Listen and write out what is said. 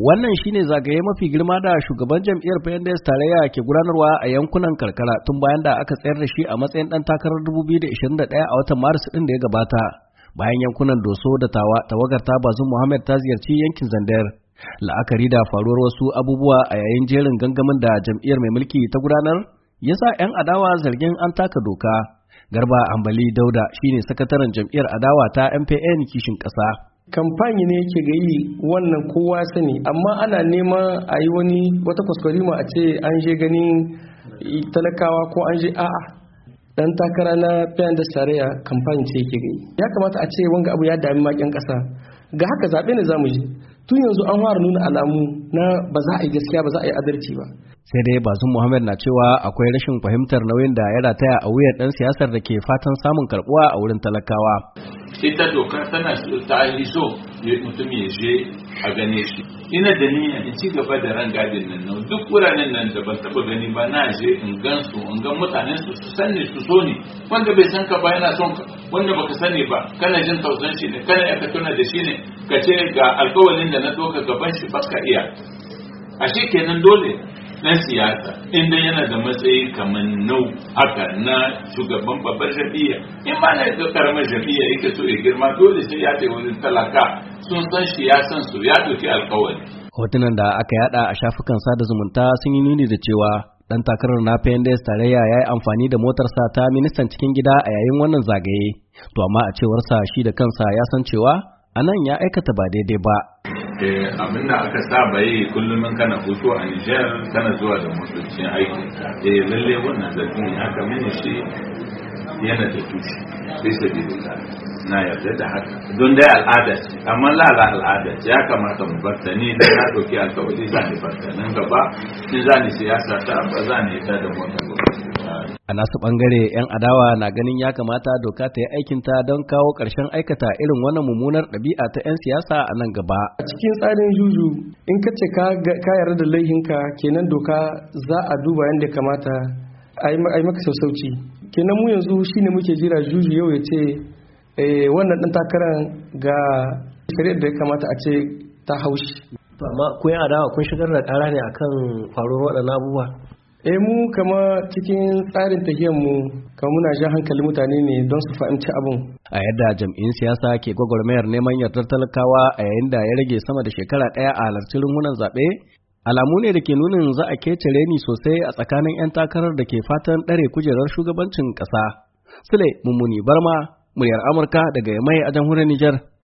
Wannan shine zagaye mafi girma da shugaban jam'iyyar PNDS tarayya ke gudanarwa a yankunan karkara tun bayan da aka tsayar da shi a matsayin ɗan takarar 2021 a watan Maris ɗin da ya gabata. Bayan yankunan Doso da Tawa, tawagar ta bazun Muhammad ta ziyarci yankin Zandar. La'akari da faruwar wasu abubuwa a yayin jerin gangamin da jam'iyyar mai mulki ta gudanar, yasa sa 'yan adawa zargin an taka doka. Garba Ambali Dauda shine sakataren jam'iyyar adawa ta MPN kishin ƙasa. kamfani ne yake ga yi wannan kowa sani amma ana neman a yi wani wata kwaskwarima a ce an je ganin talakawa ko an je a'a dan takara na fiyan da sarayya kamfani ce yake yi ya kamata a ce wanga abu ya dami makin kasa ga haka zaɓe ne za mu je tun yanzu an fara nuna alamu na ba za a yi gaskiya ba za a yi adalci ba sai dai sun muhammad na cewa akwai rashin fahimtar nauyin da ya rataya a wuyar dan siyasar da ke fatan samun karbuwa a wurin talakawa ita dokar tana ta so mutum ya je a gane shi ina da niyya in ci gaba da gadin nan nan duk wuraren nan da ban taba gani ba na je in gan su in gan mutanen su su san ne su so ne wanda bai san ka ba yana son ka wanda baka sani ba kana jin tausan shi ne kana ya tuna da shi ne ka ce ga alkawalin da na doka gaban shi baka iya a shi kenan dole na siyasa inda yana da matsayi kamar nau haka na shugaban babbar jam'iyya in ba na da karamar jam'iyya yake so ya girma dole sai ya wurin talaka sun san shi ya san su ya doki alkawali hotunan da aka yada a shafukan sada zumunta sun yi nuni da cewa dan takarar na PNDS tarayya ya yi amfani da motarsa ta ministan cikin gida a yayin wannan zagaye to amma a cewarsa shi da kansa ya san cewa a nan ya aikata ba daidai ba eh, abin da aka saba yi kullum in kana hutu a Nijar kana zuwa da motocin aiki eh lalle wannan zargin aka mini shi yana da tushe sai sabilillah na yarda da haka don dai al'ada ce amma lala al'ada ce ya kamata mu barta ni da na ɗauki alkawari za ni barta nan gaba shi za ni siyasa ta ba za ni ita da mota a nasu bangare 'yan adawa na ganin ya kamata doka ta yi aikinta don kawo ƙarshen aikata irin wannan mummunar ɗabi'a ta 'yan siyasa a nan gaba a cikin tsarin juju in ka ce ka yarda da laihinka kenan doka za a duba yadda kamata a yi maka sassauci kenan mu yanzu shine muke jira juju yau ya ce eh, wannan ɗan takarar ga shari'ar da ya kamata a ce ta haushi amma kun adawa kun shigar da ƙara ne akan faruwar waɗannan abubuwa eh mu kama cikin tsarin mu kama muna jan hankalin mutane ne don su fahimci abin a yadda jam'in siyasa ke gwagwarmayar neman yardar talakawa a yayin da ya rage sama da shekara ɗaya a halarci rungunan zaɓe alamu ne da ke nunin za a kece ni sosai a tsakanin 'yan takarar da ke fatan ɗare kujerar shugabancin ƙasa sule mummuni barma muryar amurka daga mai a jamhuriyar nijar